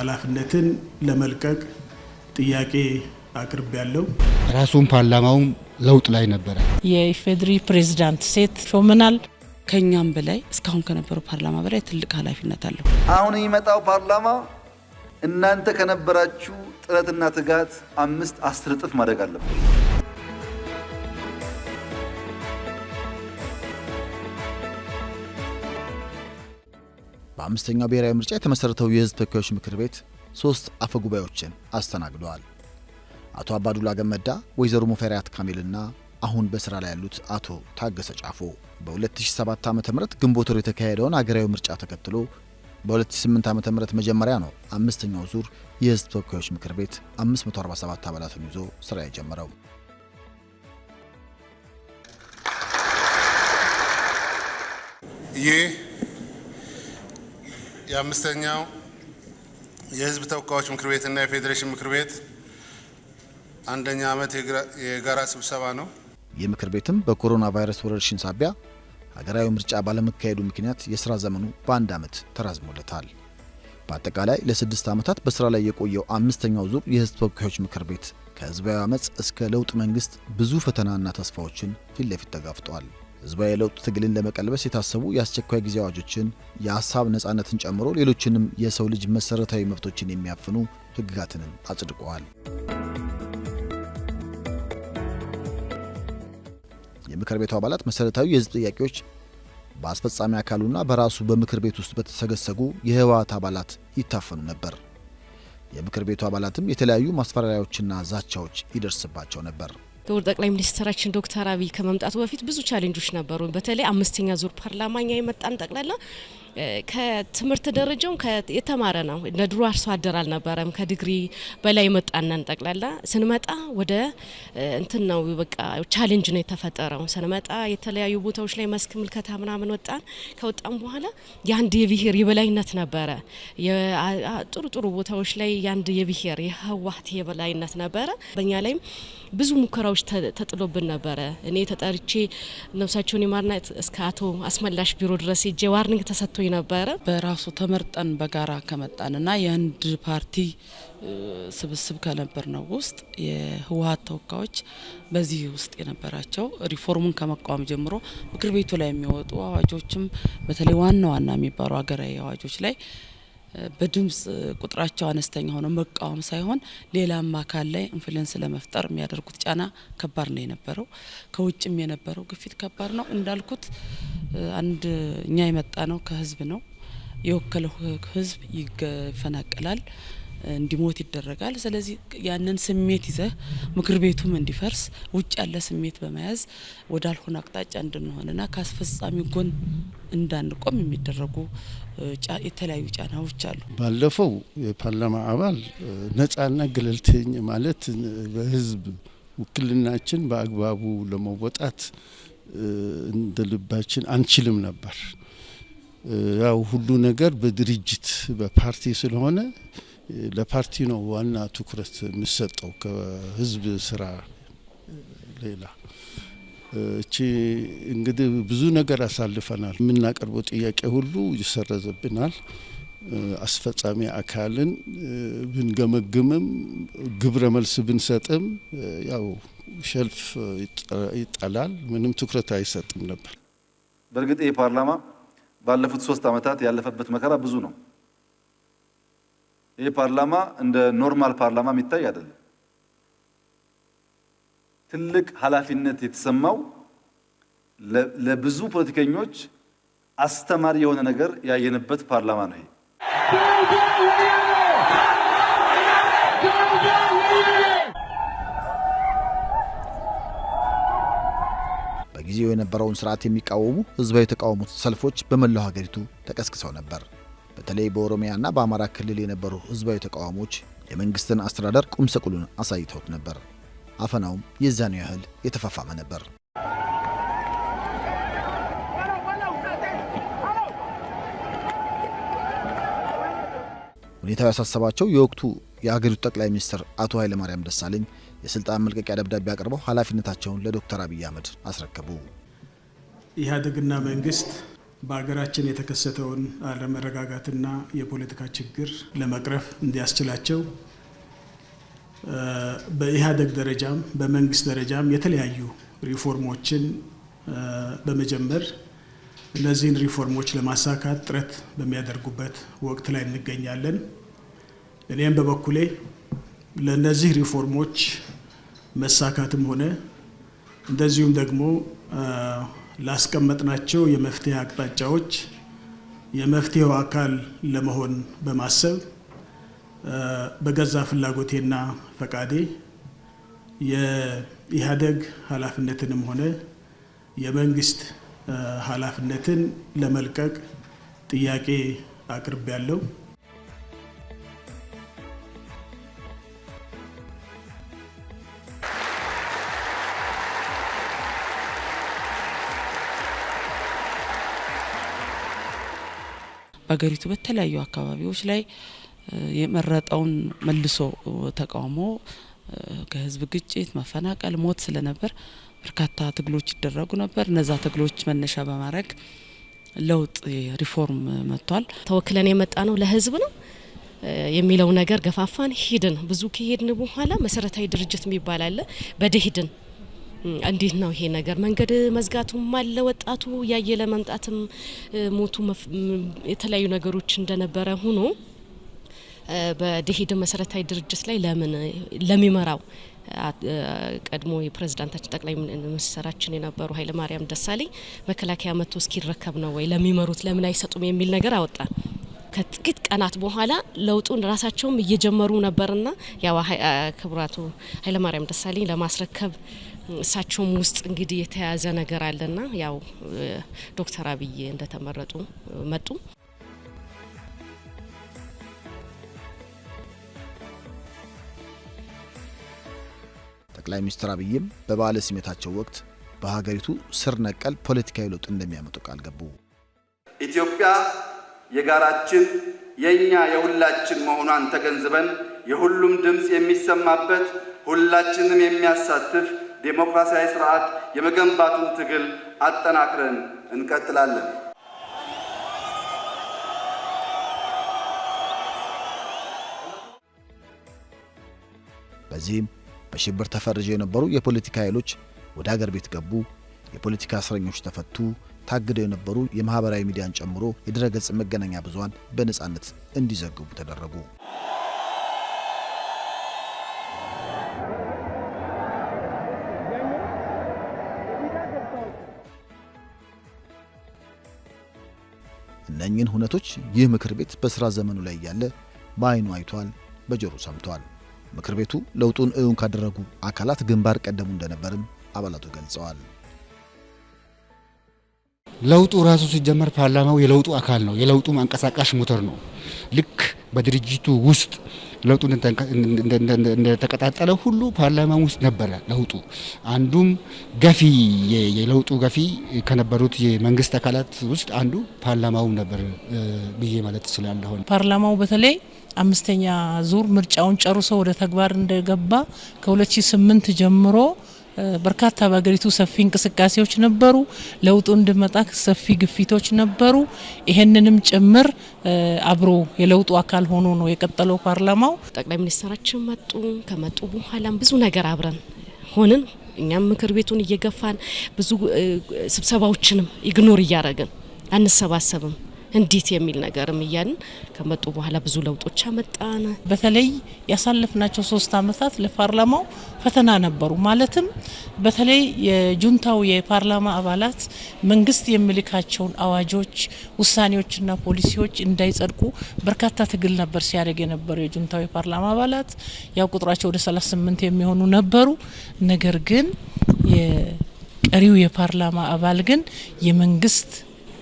ኃላፊነትን ለመልቀቅ ጥያቄ አቅርብ ያለው ራሱን ፓርላማውም ለውጥ ላይ ነበረ። የኢፌድሪ ፕሬዚዳንት ሴት ሾመናል። ከኛም በላይ እስካሁን ከነበረው ፓርላማ በላይ ትልቅ ኃላፊነት አለው። አሁን የሚመጣው ፓርላማ እናንተ ከነበራችሁ ጥረትና ትጋት አምስት አስር እጥፍ ማድረግ አለበት። በአምስተኛው ብሔራዊ ምርጫ የተመሠረተው የሕዝብ ተወካዮች ምክር ቤት ሶስት አፈ ጉባኤዎችን አስተናግደዋል። አቶ አባዱላ ገመዳ፣ ወይዘሮ ሙፈሪያት ካሚልና አሁን በስራ ላይ ያሉት አቶ ታገሰ ጫፎ። በ2007 ዓ ም ግንቦት ወር የተካሄደውን አገራዊ ምርጫ ተከትሎ በ2008 ዓ ም መጀመሪያ ነው አምስተኛው ዙር የሕዝብ ተወካዮች ምክር ቤት 547 አባላትን ይዞ ስራ የጀመረው። ይህ የአምስተኛው የህዝብ ተወካዮች ምክር ቤት እና የፌዴሬሽን ምክር ቤት አንደኛ ዓመት የጋራ ስብሰባ ነው። ይህ ምክር ቤትም በኮሮና ቫይረስ ወረርሽኝ ሳቢያ ሀገራዊ ምርጫ ባለመካሄዱ ምክንያት የስራ ዘመኑ በአንድ ዓመት ተራዝሞለታል። በአጠቃላይ ለስድስት ዓመታት በስራ ላይ የቆየው አምስተኛው ዙር የህዝብ ተወካዮች ምክር ቤት ከህዝባዊ አመፅ እስከ ለውጥ መንግስት ብዙ ፈተናና ተስፋዎችን ፊት ለፊት ተጋፍጧል። ህዝባዊ የለውጥ ትግልን ለመቀልበስ የታሰቡ የአስቸኳይ ጊዜ አዋጆችን የሀሳብ ነጻነትን ጨምሮ ሌሎችንም የሰው ልጅ መሰረታዊ መብቶችን የሚያፍኑ ህግጋትንም አጽድቀዋል። የምክር ቤቱ አባላት መሰረታዊ የህዝብ ጥያቄዎች በአስፈጻሚ አካሉና በራሱ በምክር ቤት ውስጥ በተሰገሰጉ የህወሓት አባላት ይታፈኑ ነበር። የምክር ቤቱ አባላትም የተለያዩ ማስፈራሪያዎችና ዛቻዎች ይደርስባቸው ነበር። ክቡር ጠቅላይ ሚኒስትራችን ዶክተር አብይ ከመምጣቱ በፊት ብዙ ቻሌንጆች ነበሩ። በተለይ አምስተኛ ዙር ፓርላማኛ የመጣን ጠቅላላ ከትምህርት ደረጃውም የተማረ ነው። ለድሮ አርሶ አደር አልነበረም። ከዲግሪ በላይ መጣነን ጠቅላላ ስንመጣ ወደ እንትን ነው በቃ ቻሌንጅ ነው የተፈጠረው። ስንመጣ የተለያዩ ቦታዎች ላይ መስክ ምልከታ ምናምን ወጣን። ከወጣም በኋላ የአንድ የብሄር የበላይነት ነበረ። ጥሩ ጥሩ ቦታዎች ላይ የአንድ የብሄር የህወሓት የበላይነት ነበረ። በእኛ ላይም ብዙ ሙከራዎች ተጥሎብን ነበረ። እኔ ተጠርቼ ነብሳቸውን የማርና እስከ አቶ አስመላሽ ቢሮ ድረስ ሄጄ ዋርኒንግ ተሰጥቶ ነበረ። በራሱ ተመርጠን በጋራ ከመጣንና የአንድ ፓርቲ ስብስብ ነው ውስጥ የህወሀት ተወካዮች በዚህ ውስጥ የነበራቸው ሪፎርሙን ከመቃወም ጀምሮ ምክር ቤቱ ላይ የሚወጡ አዋጆችም በተለይ ዋና ዋና የሚባሉ ሀገራዊ አዋጆች ላይ በድምፅ ቁጥራቸው አነስተኛ ሆነው መቃወም ሳይሆን ሌላም አካል ላይ ኢንፍሉዌንስ ለመፍጠር የሚያደርጉት ጫና ከባድ ነው የነበረው። ከውጭም የነበረው ግፊት ከባድ ነው እንዳልኩት፣ አንድ እኛ የመጣ ነው ከህዝብ ነው የወከለው ህዝብ ይፈናቀላል። እንዲሞት ይደረጋል። ስለዚህ ያንን ስሜት ይዘህ ምክር ቤቱም እንዲፈርስ ውጭ ያለ ስሜት በመያዝ ወዳልሆነ አቅጣጫ እንድንሆንና ከአስፈጻሚ ጎን እንዳንቆም የሚደረጉ የተለያዩ ጫናዎች አሉ። ባለፈው የፓርላማ አባል ነጻና ገለልተኛ ማለት በህዝብ ውክልናችን በአግባቡ ለመወጣት እንደ ልባችን አንችልም ነበር። ያው ሁሉ ነገር በድርጅት በፓርቲ ስለሆነ ለፓርቲ ነው ዋና ትኩረት የሚሰጠው ከህዝብ ስራ ሌላ። እቺ እንግዲህ ብዙ ነገር አሳልፈናል። የምናቀርበው ጥያቄ ሁሉ ይሰረዘብናል። አስፈጻሚ አካልን ብንገመግምም ግብረ መልስ ብንሰጥም ያው ሸልፍ ይጠላል፣ ምንም ትኩረት አይሰጥም ነበር። በእርግጥ ይህ ፓርላማ ባለፉት ሶስት ዓመታት ያለፈበት መከራ ብዙ ነው። ይህ ፓርላማ እንደ ኖርማል ፓርላማ የሚታይ አይደለም። ትልቅ ኃላፊነት የተሰማው ለብዙ ፖለቲከኞች አስተማሪ የሆነ ነገር ያየንበት ፓርላማ ነው። በጊዜው የነበረውን ስርዓት የሚቃወሙ ህዝባዊ የተቃውሞ ሰልፎች በመላው ሀገሪቱ ተቀስቅሰው ነበር። በተለይ በኦሮሚያና በአማራ ክልል የነበሩ ህዝባዊ ተቃውሞዎች የመንግስትን አስተዳደር ቁምስቅሉን አሳይተውት ነበር። አፈናውም የዛኑ ያህል የተፋፋመ ነበር። ሁኔታው ያሳሰባቸው የወቅቱ የአገሪቱ ጠቅላይ ሚኒስትር አቶ ኃይለማርያም ደሳለኝ የስልጣን መልቀቂያ ደብዳቤ አቅርበው ኃላፊነታቸውን ለዶክተር አብይ አህመድ አስረከቡ። ኢህአዴግና መንግስት በሀገራችን የተከሰተውን አለመረጋጋትና የፖለቲካ ችግር ለመቅረፍ እንዲያስችላቸው በኢህአደግ ደረጃም በመንግስት ደረጃም የተለያዩ ሪፎርሞችን በመጀመር እነዚህን ሪፎርሞች ለማሳካት ጥረት በሚያደርጉበት ወቅት ላይ እንገኛለን። እኔም በበኩሌ ለእነዚህ ሪፎርሞች መሳካትም ሆነ እንደዚሁም ደግሞ ላስቀመጥናቸው የመፍትሄ አቅጣጫዎች የመፍትሄው አካል ለመሆን በማሰብ በገዛ ፍላጎቴና ፈቃዴ የኢህአደግ ኃላፊነትንም ሆነ የመንግስት ኃላፊነትን ለመልቀቅ ጥያቄ ያለው። በሀገሪቱ በተለያዩ አካባቢዎች ላይ የመረጠውን መልሶ ተቃውሞ ከህዝብ ግጭት፣ መፈናቀል፣ ሞት ስለነበር በርካታ ትግሎች ይደረጉ ነበር። እነዛ ትግሎች መነሻ በማድረግ ለውጥ ሪፎርም መጥቷል። ተወክለን የመጣ ነው ለህዝብ ነው የሚለው ነገር ገፋፋን፣ ሂድን። ብዙ ከሄድን በኋላ መሰረታዊ ድርጅት የሚባል አለ በደሂድን እንዴት ነው ይሄ ነገር? መንገድ መዝጋቱም አለ ወጣቱ ያየ ለመምጣትም ሞቱ የተለያዩ ነገሮች እንደነበረ ሆኖ በደኢህዴን መሰረታዊ ድርጅት ላይ ለምን ለሚመራው ቀድሞ የፕሬዝዳንታችን ጠቅላይ ሚኒስትራችን የነበሩ ኃይለ ማርያም ደሳለኝ መከላከያ መጥቶ እስኪረከብ ነው ወይ ለሚመሩት ለምን አይሰጡም የሚል ነገር አወጣ። ከጥቂት ቀናት በኋላ ለውጡን ራሳቸውም እየጀመሩ ነበርና ያው ክቡራቱ ኃይለ ማርያም ደሳለኝ ለማስረከብ እሳቸውም ውስጥ እንግዲህ የተያዘ ነገር አለና ያው ዶክተር አብይ እንደተመረጡ መጡ። ጠቅላይ ሚኒስትር አብይም በባለ ስሜታቸው ወቅት በሀገሪቱ ስር ነቀል ፖለቲካዊ ለውጥ እንደሚያመጡ ቃል ገቡ። ኢትዮጵያ የጋራችን የእኛ የሁላችን መሆኗን ተገንዝበን የሁሉም ድምፅ የሚሰማበት ሁላችንም የሚያሳትፍ ዴሞክራሲያዊ ስርዓት የመገንባቱን ትግል አጠናክረን እንቀጥላለን። በዚህም በሽብር ተፈርጀው የነበሩ የፖለቲካ ኃይሎች ወደ አገር ቤት ገቡ፣ የፖለቲካ እስረኞች ተፈቱ፣ ታግደው የነበሩ የማህበራዊ ሚዲያን ጨምሮ የድረገጽ መገናኛ ብዙሃን በነፃነት እንዲዘግቡ ተደረጉ። እነኚህን ሁነቶች ይህ ምክር ቤት በስራ ዘመኑ ላይ እያለ በአይኑ አይቷል፣ በጆሮ ሰምቷል። ምክር ቤቱ ለውጡን እውን ካደረጉ አካላት ግንባር ቀደሙ እንደነበርም አባላቱ ገልጸዋል። ለውጡ ራሱ ሲጀመር ፓርላማው የለውጡ አካል ነው፣ የለውጡ አንቀሳቃሽ ሞተር ነው። ልክ በድርጅቱ ውስጥ ለውጡ እንደተቀጣጠለ ሁሉ ፓርላማ ውስጥ ነበረ። ለውጡ አንዱም ገፊ የለውጡ ገፊ ከነበሩት የመንግስት አካላት ውስጥ አንዱ ፓርላማው ነበር ብዬ ማለት እችላለሁ። ፓርላማው በተለይ አምስተኛ ዙር ምርጫውን ጨርሶ ወደ ተግባር እንደገባ ከ2008 ጀምሮ በርካታ በሀገሪቱ ሰፊ እንቅስቃሴዎች ነበሩ። ለውጡ እንድመጣ ሰፊ ግፊቶች ነበሩ። ይሄንንም ጭምር አብሮ የለውጡ አካል ሆኖ ነው የቀጠለው ፓርላማው። ጠቅላይ ሚኒስትራችን መጡ። ከመጡ በኋላም ብዙ ነገር አብረን ሆንን። እኛም ምክር ቤቱን እየገፋን ብዙ ስብሰባዎችንም ኢግኖር እያደረግን አንሰባሰብም እንዴት የሚል ነገርም እያልን ከመጡ በኋላ ብዙ ለውጦች አመጣን። በተለይ ያሳለፍናቸው ሶስት አመታት ለፓርላማው ፈተና ነበሩ። ማለትም በተለይ የጁንታው የፓርላማ አባላት መንግስት የሚልካቸውን አዋጆች፣ ውሳኔዎችና ፖሊሲዎች እንዳይጸድቁ በርካታ ትግል ነበር ሲያደርግ የነበረው የጁንታው የፓርላማ አባላት ያው ቁጥራቸው ወደ 38 የሚሆኑ ነበሩ። ነገር ግን የቀሪው የፓርላማ አባል ግን የመንግስት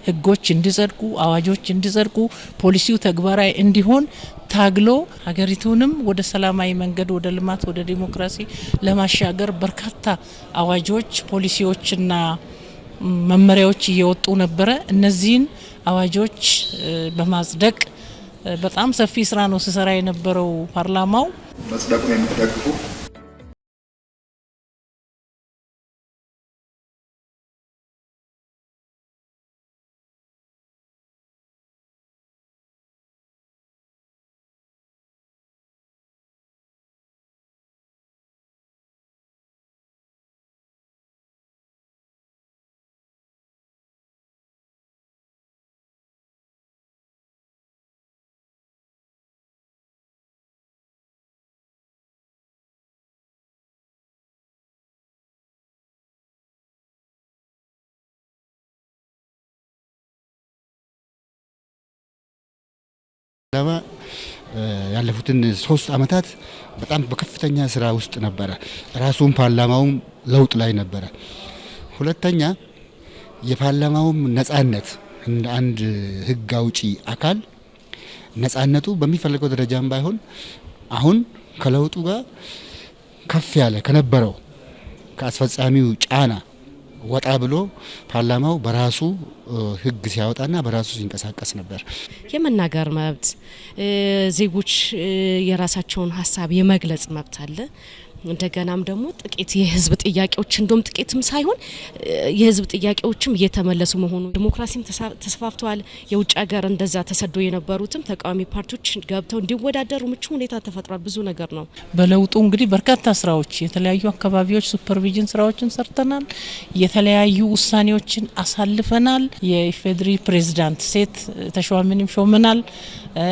ህጎች እንዲጸድቁ፣ አዋጆች እንዲጸድቁ፣ ፖሊሲው ተግባራዊ እንዲሆን ታግሎ ሀገሪቱንም ወደ ሰላማዊ መንገድ ወደ ልማት ወደ ዲሞክራሲ ለማሻገር በርካታ አዋጆች ፖሊሲዎችና መመሪያዎች እየወጡ ነበረ። እነዚህን አዋጆች በማጽደቅ በጣም ሰፊ ስራ ነው ሲሰራ የነበረው ፓርላማው። መጽደቁን የምትደግፉ ዳባ ያለፉትን ሶስት አመታት በጣም በከፍተኛ ስራ ውስጥ ነበረ። ራሱን ፓርላማውም ለውጥ ላይ ነበረ። ሁለተኛ የፓርላማውም ነጻነት እንደ አንድ ህግ አውጪ አካል ነጻነቱ በሚፈልገው ደረጃም ባይሆን አሁን ከለውጡ ጋር ከፍ ያለ ከነበረው ከአስፈጻሚው ጫና ወጣ ብሎ ፓርላማው በራሱ ህግ ሲያወጣና በራሱ ሲንቀሳቀስ ነበር። የመናገር መብት ዜጎች የራሳቸውን ሀሳብ የመግለጽ መብት አለ። እንደገናም ደግሞ ጥቂት የህዝብ ጥያቄዎች እንደም ጥቂትም ሳይሆን የህዝብ ጥያቄዎችም እየተመለሱ መሆኑ ዲሞክራሲም ተስፋፍተዋል። የውጭ ሀገር እንደዛ ተሰዶ የነበሩትም ተቃዋሚ ፓርቲዎች ገብተው እንዲወዳደሩ ምቹ ሁኔታ ተፈጥሯል። ብዙ ነገር ነው። በለውጡ እንግዲህ በርካታ ስራዎች የተለያዩ አካባቢዎች ሱፐርቪዥን ስራዎችን ሰርተናል። የተለያዩ ውሳኔዎችን አሳልፈናል። የኢፌዴሪ ፕሬዚዳንት ሴት ተሿሚንም ሾመናል።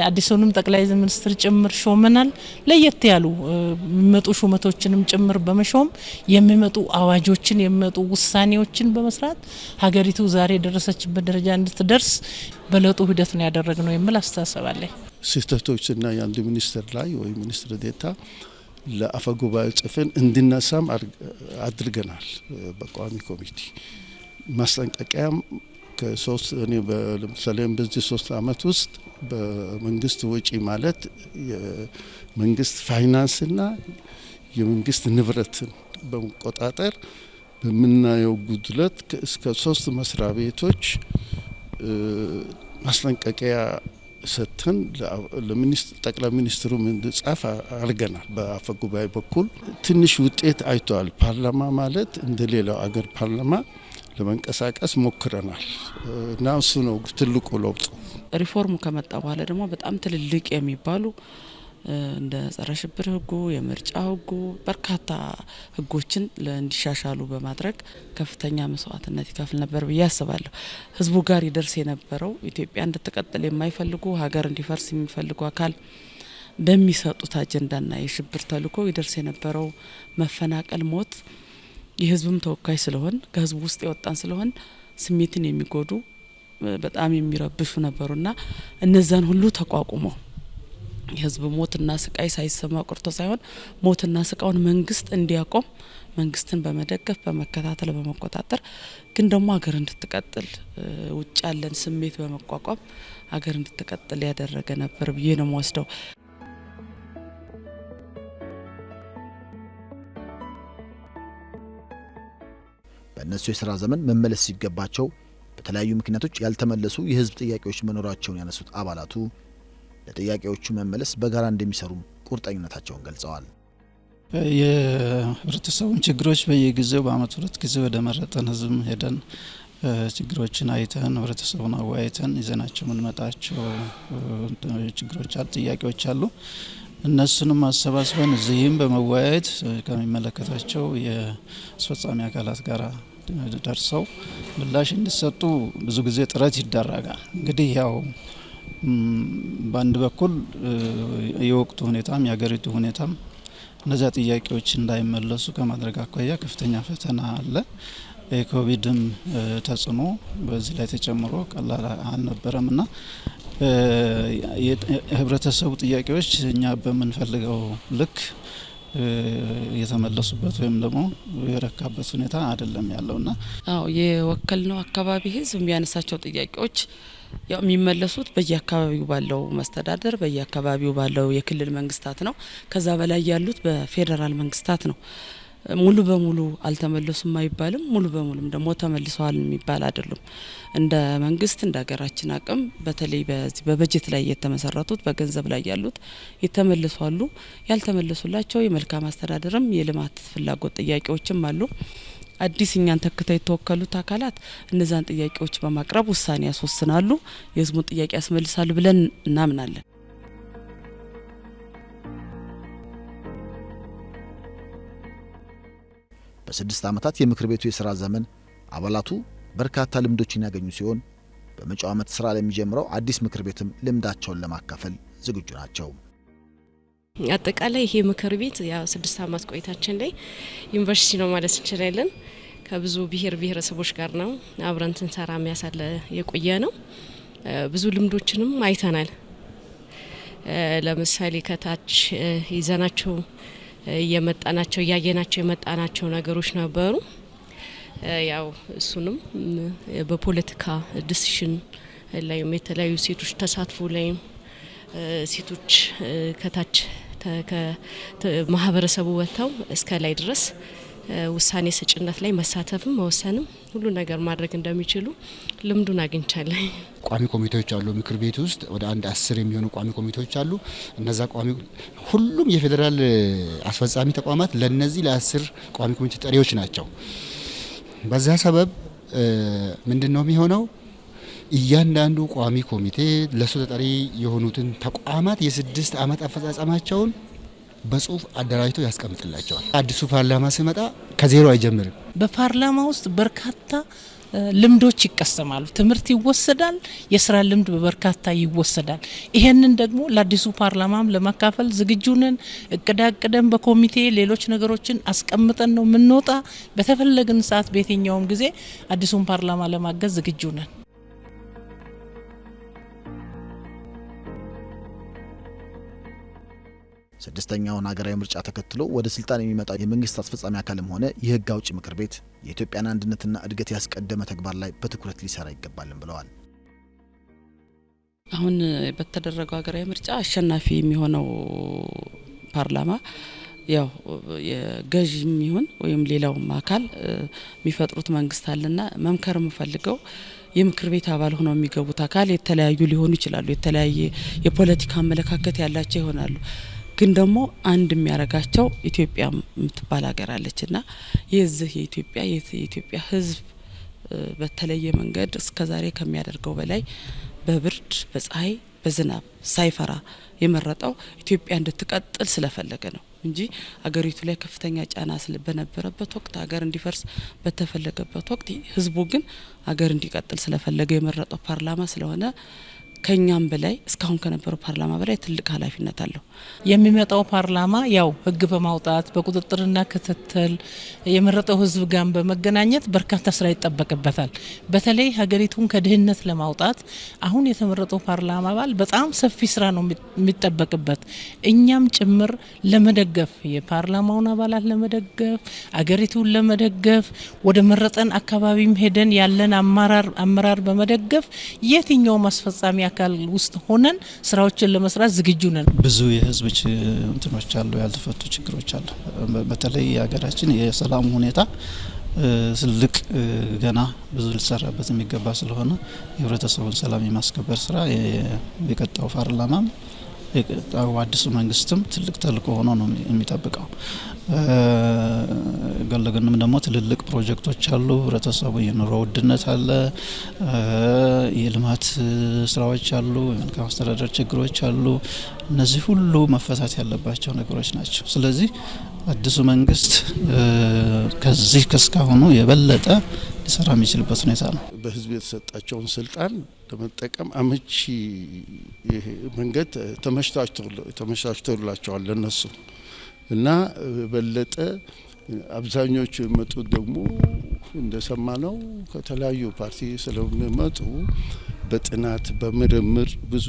አዲሱንም ጠቅላይ ሚኒስትር ጭምር ሾመናል። ለየት ያሉ የሚመጡ ሹመቶች ዳኞችንም ጭምር በመሾም የሚመጡ አዋጆችን የሚመጡ ውሳኔዎችን በመስራት ሀገሪቱ ዛሬ የደረሰችበት ደረጃ እንድትደርስ በለውጡ ሂደት ነው ያደረግ ነው የሚል አስተሳሰባለን። አለኝ። ስህተቶችና የአንዱ ሚኒስትር ላይ ወይም ሚኒስትር ዴታ ለአፈ ጉባኤ ጽፈን እንዲነሳም አድርገናል። በቋሚ ኮሚቴ ማስጠንቀቂያም ከሶስት እኔ ለምሳሌ በዚህ ሶስት አመት ውስጥ በመንግስት ወጪ ማለት የመንግስት ፋይናንስና የመንግስት ንብረትን በመቆጣጠር በምናየው ጉድለት እስከ ሶስት መስሪያ ቤቶች ማስጠንቀቂያ ሰጥተን ጠቅላይ ሚኒስትሩ እንዲጻፍ አድርገናል። በአፈ ጉባኤ በኩል ትንሽ ውጤት አይተዋል። ፓርላማ ማለት እንደ ሌላው አገር ፓርላማ ለመንቀሳቀስ ሞክረናል እና እሱ ነው ትልቁ ለውጡ። ሪፎርሙ ከመጣ በኋላ ደግሞ በጣም ትልልቅ የሚባሉ እንደ ጸረ ሽብር ህጉ፣ የምርጫ ህጉ በርካታ ህጎችን እንዲሻሻሉ በማድረግ ከፍተኛ መስዋዕትነት ይከፍል ነበር ብዬ አስባለሁ። ህዝቡ ጋር ይደርስ የነበረው ኢትዮጵያ እንድትቀጥል የማይፈልጉ ሀገር እንዲፈርስ የሚፈልጉ አካል በሚሰጡት አጀንዳና የሽብር ተልእኮ ይደርስ የነበረው መፈናቀል፣ ሞት የህዝብም ተወካይ ስለሆን ከህዝቡ ውስጥ የወጣን ስለሆን ስሜትን የሚጎዱ በጣም የሚረብሹ ነበሩና እነዛን ሁሉ ተቋቁሞ የህዝብ ሞትና ስቃይ ሳይሰማ ቁርቶ ሳይሆን ሞትና ስቃውን መንግስት እንዲያቆም መንግስትን በመደገፍ በመከታተል በመቆጣጠር ግን ደግሞ ሀገር እንድትቀጥል ውጭ ያለን ስሜት በመቋቋም ሀገር እንድትቀጥል ያደረገ ነበር ብዬ ነው የምወስደው። በእነሱ የስራ ዘመን መመለስ ሲገባቸው በተለያዩ ምክንያቶች ያልተመለሱ የህዝብ ጥያቄዎች መኖራቸውን ያነሱት አባላቱ ለጥያቄዎቹ መመለስ በጋራ እንደሚሰሩም ቁርጠኝነታቸውን ገልጸዋል። የህብረተሰቡን ችግሮች በየጊዜው በአመት ሁለት ጊዜ ወደ መረጠን ህዝብ ሄደን ችግሮችን አይተን ህብረተሰቡን አወያይተን ይዘናቸው የምንመጣቸው ችግሮች አሉ፣ ጥያቄዎች አሉ። እነሱንም አሰባስበን እዚህም በመወያየት ከሚመለከታቸው የአስፈጻሚ አካላት ጋር ደርሰው ምላሽ እንዲሰጡ ብዙ ጊዜ ጥረት ይደረጋል። እንግዲህ ያው በአንድ በኩል የወቅቱ ሁኔታም የሀገሪቱ ሁኔታም እነዚያ ጥያቄዎች እንዳይመለሱ ከማድረግ አኳያ ከፍተኛ ፈተና አለ። የኮቪድም ተጽዕኖ በዚህ ላይ ተጨምሮ ቀላል አልነበረም እና የህብረተሰቡ ጥያቄዎች እኛ በምንፈልገው ልክ የተመለሱበት ወይም ደግሞ የረካበት ሁኔታ አይደለም ያለውና አዎ የወከልነው አካባቢ ህዝብ የሚያነሳቸው ጥያቄዎች ያው የሚመለሱት በየአካባቢው ባለው መስተዳደር በየአካባቢው ባለው የክልል መንግስታት ነው። ከዛ በላይ ያሉት በፌዴራል መንግስታት ነው። ሙሉ በሙሉ አልተመለሱም አይባልም። ሙሉ በሙሉም ደግሞ ተመልሰዋል የሚባል አይደሉም። እንደ መንግስት እንደ ሀገራችን አቅም በተለይ በዚህ በበጀት ላይ የተመሰረቱት በገንዘብ ላይ ያሉት የተመልሷሉ። ያልተመለሱላቸው የመልካም አስተዳደርም የልማት ፍላጎት ጥያቄዎችም አሉ። አዲስ እኛን ተክተው የተወከሉት አካላት እነዛን ጥያቄዎች በማቅረብ ውሳኔ ያስወስናሉ፣ የህዝቡን ጥያቄ ያስመልሳሉ ብለን እናምናለን። በስድስት ዓመታት የምክር ቤቱ የሥራ ዘመን አባላቱ በርካታ ልምዶችን ያገኙ ሲሆን በመጪው ዓመት ሥራ ለሚጀምረው አዲስ ምክር ቤትም ልምዳቸውን ለማካፈል ዝግጁ ናቸው። አጠቃላይ ይሄ ምክር ቤት ያው ስድስት አመት ቆይታችን ላይ ዩኒቨርሲቲ ነው ማለት እንችላለን። ከብዙ ብሄር ብሄረሰቦች ጋር ነው አብረን ስንሰራ የሚያሳለ የቆየ ነው። ብዙ ልምዶችንም አይተናል። ለምሳሌ ከታች ይዘናቸው እየመጣናቸው እያየናቸው የመጣናቸው ነገሮች ነበሩ። ያው እሱንም በፖለቲካ ዲሲሽን ላይም የተለያዩ ሴቶች ተሳትፎ ላይም ሴቶች ከታች ማህበረሰቡ ወጥተው እስከ ላይ ድረስ ውሳኔ ሰጭነት ላይ መሳተፍም መወሰንም ሁሉ ነገር ማድረግ እንደሚችሉ ልምዱን አግኝቻለሁ። ቋሚ ኮሚቴዎች አሉ። ምክር ቤት ውስጥ ወደ አንድ አስር የሚሆኑ ቋሚ ኮሚቴዎች አሉ። እነዛ ቋሚ ሁሉም የፌዴራል አስፈጻሚ ተቋማት ለነዚህ ለአስር ቋሚ ኮሚቴ ጠሪዎች ናቸው። በዛ ሰበብ ምንድን ነው የሚሆነው? እያንዳንዱ ቋሚ ኮሚቴ ለእሱ ተጠሪ የሆኑትን ተቋማት የስድስት ዓመት አፈጻጸማቸውን በጽሁፍ አደራጅቶ ያስቀምጥላቸዋል። አዲሱ ፓርላማ ሲመጣ ከዜሮ አይጀምርም። በፓርላማ ውስጥ በርካታ ልምዶች ይቀሰማሉ። ትምህርት ይወሰዳል። የስራ ልምድ በበርካታ ይወሰዳል። ይሄንን ደግሞ ለአዲሱ ፓርላማም ለማካፈል ዝግጁነን እቅዳ አቅደን በኮሚቴ ሌሎች ነገሮችን አስቀምጠን ነው የምንወጣ። በተፈለግን ሰዓት በየትኛውም ጊዜ አዲሱን ፓርላማ ለማገዝ ዝግጁ ነን። ስድስተኛውን ሀገራዊ ምርጫ ተከትሎ ወደ ስልጣን የሚመጣው የመንግስት አስፈጻሚ አካልም ሆነ የህግ አውጪ ምክር ቤት የኢትዮጵያን አንድነትና እድገት ያስቀደመ ተግባር ላይ በትኩረት ሊሰራ ይገባልም ብለዋል። አሁን በተደረገው ሀገራዊ ምርጫ አሸናፊ የሚሆነው ፓርላማ ያው የገዥም ይሁን ወይም ሌላውም አካል የሚፈጥሩት መንግስት አለና መምከር የምፈልገው የምክር ቤት አባል ሆነው የሚገቡት አካል የተለያዩ ሊሆኑ ይችላሉ። የተለያየ የፖለቲካ አመለካከት ያላቸው ይሆናሉ። ግን ደግሞ አንድ የሚያረጋቸው ኢትዮጵያ የምትባል ሀገር አለች እና የዚህ የኢትዮጵያ የኢትዮጵያ ህዝብ በተለየ መንገድ እስከዛሬ ከሚያደርገው በላይ በብርድ በፀሐይ በዝናብ ሳይፈራ የመረጠው ኢትዮጵያ እንድትቀጥል ስለፈለገ ነው እንጂ አገሪቱ ላይ ከፍተኛ ጫና በነበረበት ወቅት አገር እንዲፈርስ በተፈለገበት ወቅት ህዝቡ ግን አገር እንዲቀጥል ስለፈለገ የመረጠው ፓርላማ ስለሆነ ከኛም በላይ እስካሁን ከነበረው ፓርላማ በላይ ትልቅ ኃላፊነት አለው። የሚመጣው ፓርላማ ያው ህግ በማውጣት በቁጥጥርና ክትትል የመረጠው ህዝብ ጋር በመገናኘት በርካታ ስራ ይጠበቅበታል። በተለይ ሀገሪቱን ከድህነት ለማውጣት አሁን የተመረጠው ፓርላማ አባል በጣም ሰፊ ስራ ነው የሚጠበቅበት። እኛም ጭምር ለመደገፍ የፓርላማውን አባላት ለመደገፍ አገሪቱን ለመደገፍ ወደ መረጠን አካባቢም ሄደን ያለን አመራር በመደገፍ የትኛውም አስፈጻሚ አካል ውስጥ ሆነን ስራዎችን ለመስራት ዝግጁ ነን። ብዙ የህዝብ እንትኖች አሉ፣ ያልተፈቱ ችግሮች አሉ። በተለይ የሀገራችን የሰላም ሁኔታ ትልቅ ገና ብዙ ሊሰራበት የሚገባ ስለሆነ የህብረተሰቡን ሰላም የማስከበር ስራ የቀጣው ፓርላማም የቀጣው አዲሱ መንግስትም ትልቅ ተልእኮ ሆኖ ነው የሚጠብቀው። ጎን ለጎንም ደግሞ ትልልቅ ፕሮጀክቶች አሉ። ህብረተሰቡ የኑሮ ውድነት አለ፣ የልማት ስራዎች አሉ፣ የመልካም አስተዳደር ችግሮች አሉ። እነዚህ ሁሉ መፈታት ያለባቸው ነገሮች ናቸው። ስለዚህ አዲሱ መንግስት ከዚህ ከስካሁኑ የበለጠ ሊሰራ የሚችልበት ሁኔታ ነው። በህዝብ የተሰጣቸውን ስልጣን ለመጠቀም አመቺ መንገድ ተመቻችቶላቸዋል ለነሱ እና በለጠ አብዛኞቹ የመጡት ደግሞ እንደሰማ ነው። ከተለያዩ ፓርቲ ስለሚመጡ በጥናት በምርምር ብዙ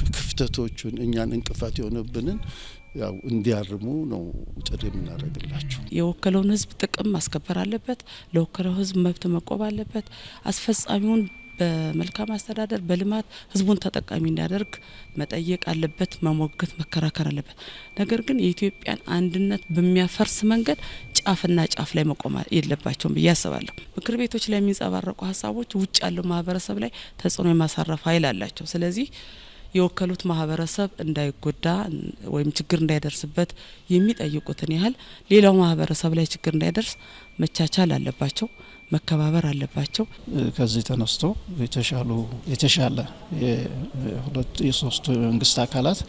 ክፍተቶቹን እኛን እንቅፋት የሆነብንን ያው እንዲያርሙ ነው ጥሪ የምናደርግላቸው። የወከለውን ህዝብ ጥቅም ማስከበር አለበት። ለወከለው ህዝብ መብት መቆብ አለበት። አስፈጻሚውን በመልካም አስተዳደር በልማት ህዝቡን ተጠቃሚ እንዲያደርግ መጠየቅ አለበት፣ መሞገት፣ መከራከር አለበት። ነገር ግን የኢትዮጵያን አንድነት በሚያፈርስ መንገድ ጫፍና ጫፍ ላይ መቆም የለባቸውም ብዬ አስባለሁ። ምክር ቤቶች ላይ የሚንጸባረቁ ሀሳቦች ውጭ ያለው ማህበረሰብ ላይ ተጽዕኖ የማሳረፍ ኃይል አላቸው። ስለዚህ የወከሉት ማህበረሰብ እንዳይጎዳ ወይም ችግር እንዳይደርስበት የሚጠይቁትን ያህል ሌላው ማህበረሰብ ላይ ችግር እንዳይደርስ መቻቻል አለባቸው። መከባበር አለባቸው። ከዚህ ተነስቶ የተሻሉ የተሻለ የሶስቱ የመንግስት አካላት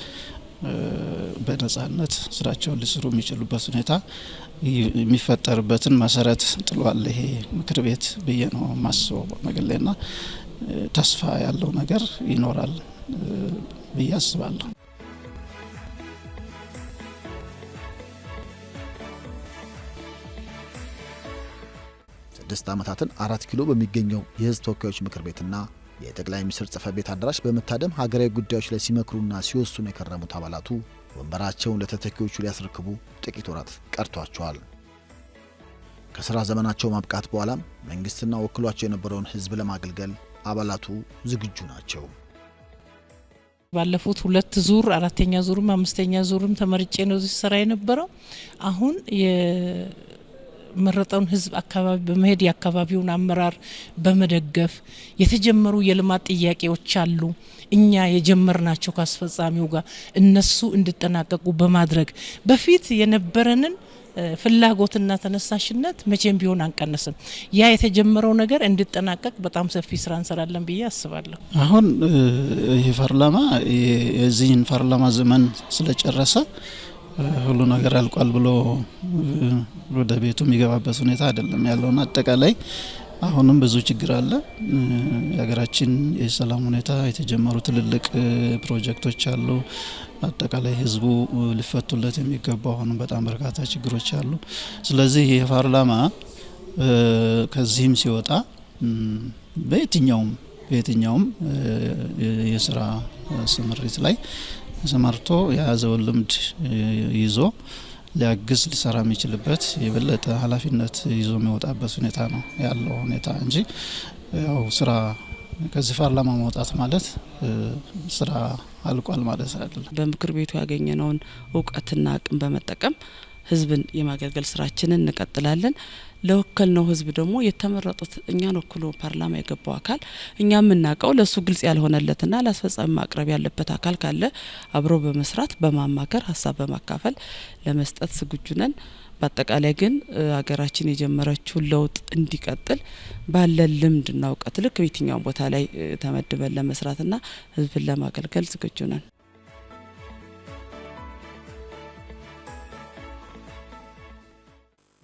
በነጻነት ስራቸውን ሊስሩ የሚችሉበት ሁኔታ የሚፈጠርበትን መሰረት ጥሏል ይሄ ምክር ቤት ብዬ ነው ማስበው በግሌና ተስፋ ያለው ነገር ይኖራል ብዬ አስባለሁ። ስድስት ዓመታትን አራት ኪሎ በሚገኘው የህዝብ ተወካዮች ምክር ቤትና የጠቅላይ ሚኒስትር ጽህፈት ቤት አዳራሽ በመታደም ሀገራዊ ጉዳዮች ላይ ሲመክሩና ሲወስኑ የከረሙት አባላቱ ወንበራቸውን ለተተኪዎቹ ሊያስረክቡ ጥቂት ወራት ቀርቷቸዋል። ከሥራ ዘመናቸው ማብቃት በኋላም መንግሥትና ወክሏቸው የነበረውን ህዝብ ለማገልገል አባላቱ ዝግጁ ናቸው። ባለፉት ሁለት ዙር አራተኛ ዙርም አምስተኛ ዙርም ተመርጬ ነው እዚህ ስራ የነበረው። አሁን የመረጠውን ህዝብ አካባቢ በመሄድ የአካባቢውን አመራር በመደገፍ የተጀመሩ የልማት ጥያቄዎች አሉ። እኛ የጀመርናቸው ከአስፈጻሚው ጋር እነሱ እንዲጠናቀቁ በማድረግ በፊት የነበረንን ፍላጎትና ተነሳሽነት መቼም ቢሆን አንቀንስም። ያ የተጀመረው ነገር እንዲጠናቀቅ በጣም ሰፊ ስራ እንሰራለን ብዬ አስባለሁ። አሁን ይህ ፓርላማ የዚህን ፓርላማ ዘመን ስለጨረሰ ሁሉ ነገር አልቋል ብሎ ወደ ቤቱ የሚገባበት ሁኔታ አይደለም ያለውን አጠቃላይ አሁንም ብዙ ችግር አለ። የሀገራችን የሰላም ሁኔታ የተጀመሩ ትልልቅ ፕሮጀክቶች አሉ። አጠቃላይ ህዝቡ ሊፈቱለት የሚገባ አሁንም በጣም በርካታ ችግሮች አሉ። ስለዚህ ይህ ፓርላማ ከዚህም ሲወጣ በየትኛውም በየትኛውም የስራ ስምሪት ላይ ተሰማርቶ የያዘውን ልምድ ይዞ ሊያግዝ ሊሰራ የሚችልበት የበለጠ ኃላፊነት ይዞ የሚወጣበት ሁኔታ ነው ያለው ሁኔታ እንጂ ያው ስራ ከዚህ ፓርላማ መውጣት ማለት ስራ አልቋል ማለት አይደለም። በምክር ቤቱ ያገኘነውን እውቀትና አቅም በመጠቀም ህዝብን የማገልገል ስራችንን እንቀጥላለን። ለወከል ነው ህዝብ ደግሞ የተመረጡት እኛን ወክሎ ፓርላማ የገባው አካል እኛ የምናውቀው ለእሱ ግልጽ ያልሆነለትና ለአስፈጻሚ ማቅረብ ያለበት አካል ካለ አብሮ በመስራት በማማከር ሀሳብ በማካፈል ለመስጠት ዝግጁ ነን። በአጠቃላይ ግን ሀገራችን የጀመረችውን ለውጥ እንዲቀጥል ባለን ልምድና እውቀት ልክ በየትኛውም ቦታ ላይ ተመድበን ለመስራትና ህዝብን ለማገልገል ዝግጁ ነን።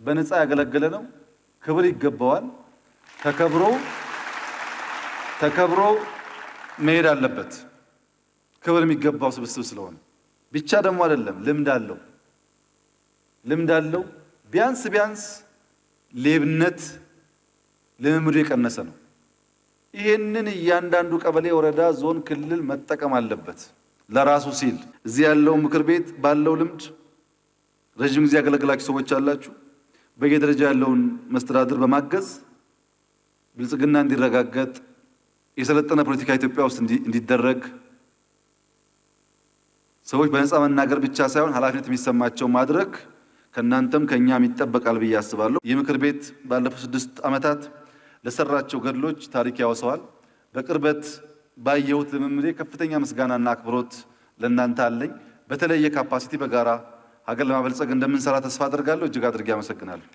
በነፃ ያገለገለ ነው። ክብር ይገባዋል። ተከብሮ ተከብሮ መሄድ አለበት። ክብር የሚገባው ስብስብ ስለሆነ ብቻ ደግሞ አይደለም። ልምድ አለው፣ ልምድ አለው። ቢያንስ ቢያንስ ሌብነት ልምምዱ የቀነሰ ነው። ይህንን እያንዳንዱ ቀበሌ፣ ወረዳ፣ ዞን፣ ክልል መጠቀም አለበት ለራሱ ሲል። እዚህ ያለው ምክር ቤት ባለው ልምድ ረዥም ጊዜ ያገለግላችሁ ሰዎች አላችሁ። በየደረጃ ያለውን መስተዳድር በማገዝ ብልጽግና እንዲረጋገጥ የሰለጠነ ፖለቲካ ኢትዮጵያ ውስጥ እንዲደረግ ሰዎች በነፃ መናገር ብቻ ሳይሆን ኃላፊነት የሚሰማቸው ማድረግ ከእናንተም ከእኛም ይጠበቃል ብዬ አስባለሁ። ይህ ምክር ቤት ባለፉት ስድስት ዓመታት ለሰራቸው ገድሎች ታሪክ ያወሰዋል። በቅርበት ባየሁት ልምምዴ ከፍተኛ ምስጋናና አክብሮት ለእናንተ አለኝ። በተለየ ካፓሲቲ በጋራ ሀገር ለማበልጸግ እንደምንሰራ ተስፋ አድርጋለሁ። እጅግ አድርጌ አመሰግናለሁ።